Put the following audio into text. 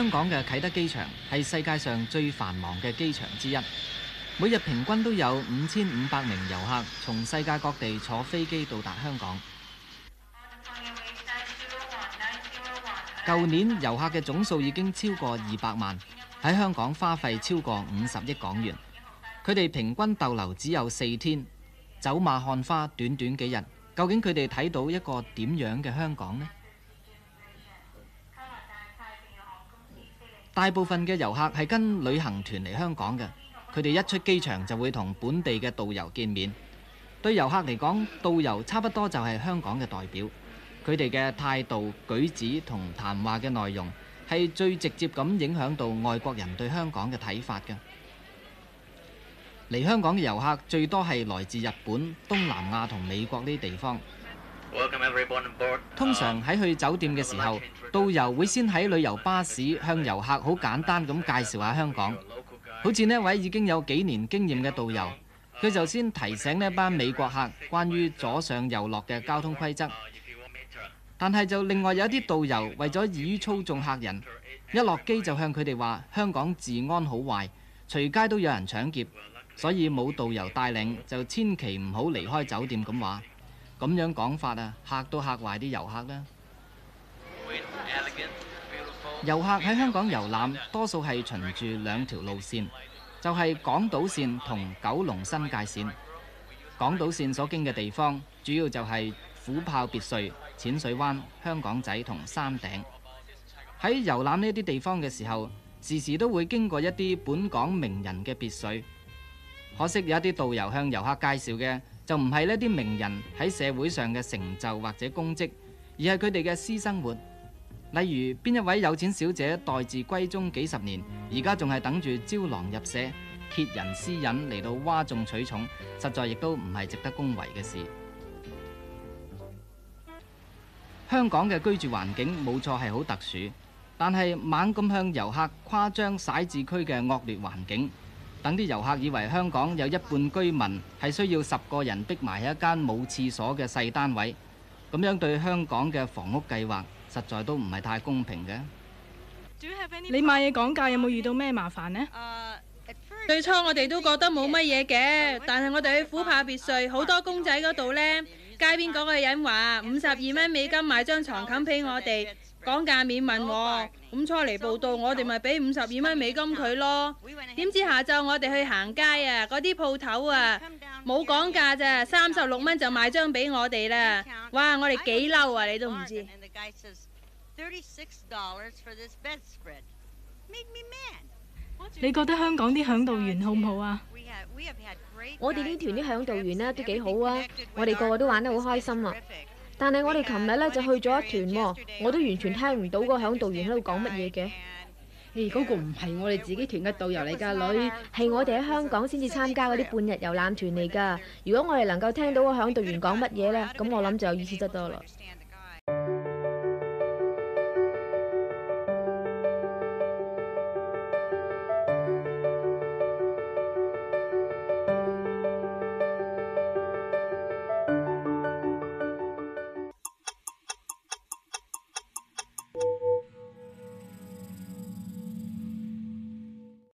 香港嘅啟德機場係世界上最繁忙嘅機場之一，每日平均都有五千五百名遊客從世界各地坐飛機到達香港。舊年遊客嘅總數已經超過二百萬，喺香港花費超過五十億港元。佢哋平均逗留只有四天，走馬看花，短短幾日，究竟佢哋睇到一個點樣嘅香港呢？大部分嘅遊客係跟旅行團嚟香港嘅，佢哋一出機場就會同本地嘅導遊見面。對遊客嚟講，導遊差不多就係香港嘅代表。佢哋嘅態度、舉止同談話嘅內容係最直接咁影響到外國人對香港嘅睇法嘅。嚟香港嘅遊客最多係來自日本、東南亞同美國呢啲地方。通常喺去酒店嘅時候，導遊會先喺旅遊巴士向遊客好簡單咁介紹下香港。好似呢位已經有幾年經驗嘅導遊，佢就先提醒呢班美國客關於左上右落嘅交通規則。但係就另外有一啲導遊為咗易於操縱客人，一落機就向佢哋話香港治安好壞，隨街都有人搶劫，所以冇導遊帶領就千祈唔好離開酒店咁話。咁樣講法啊，嚇都嚇壞啲遊客啦！遊客喺香港遊覽，多數係循住兩條路線，就係港島線同九龍新界線。港島線所經嘅地方，主要就係虎豹別墅、淺水灣、香港仔同山頂。喺遊覽呢一啲地方嘅時候，時時都會經過一啲本港名人嘅別墅。可惜有一啲導遊向遊客介紹嘅，就唔係呢啲名人喺社會上嘅成就或者功績，而係佢哋嘅私生活。例如邊一位有錢小姐待字閨中幾十年，而家仲係等住招郎入舍，揭人私隱嚟到嘩眾取寵，實在亦都唔係值得恭維嘅事。香港嘅居住環境冇錯係好特殊，但係猛咁向遊客誇張徙置區嘅惡劣環境。等啲遊客以為香港有一半居民係需要十個人逼埋喺一間冇廁所嘅細單位，咁樣對香港嘅房屋計劃實在都唔係太公平嘅。你買嘢講價有冇遇到咩麻煩呢？最初我哋都覺得冇乜嘢嘅，但係我哋去虎豹別墅好多公仔嗰度呢，街邊嗰個人話五十二蚊美金買張床冚俾我哋。講價面問我，咁初嚟報道我哋咪俾五十二蚊美金佢咯。點知下晝我哋去行街啊，嗰啲鋪頭啊冇講價咋，三十六蚊就賣張俾我哋啦！哇，我哋幾嬲啊，你都唔知。你覺得香港啲響導員好唔好啊？我哋呢團啲響導員呢都幾好啊，我哋個個都玩得好開心啊！但係我哋琴日咧就去咗一團，喔，我都完全聽唔到個響導員喺度講乜嘢嘅。誒，嗰、嗰個唔係我哋自己團嘅導遊嚟噶，女係我哋喺香港先至參加嗰啲半日遊覽團嚟噶。如果我哋能夠聽到個響導員講乜嘢呢，咁我諗就有意思得多啦。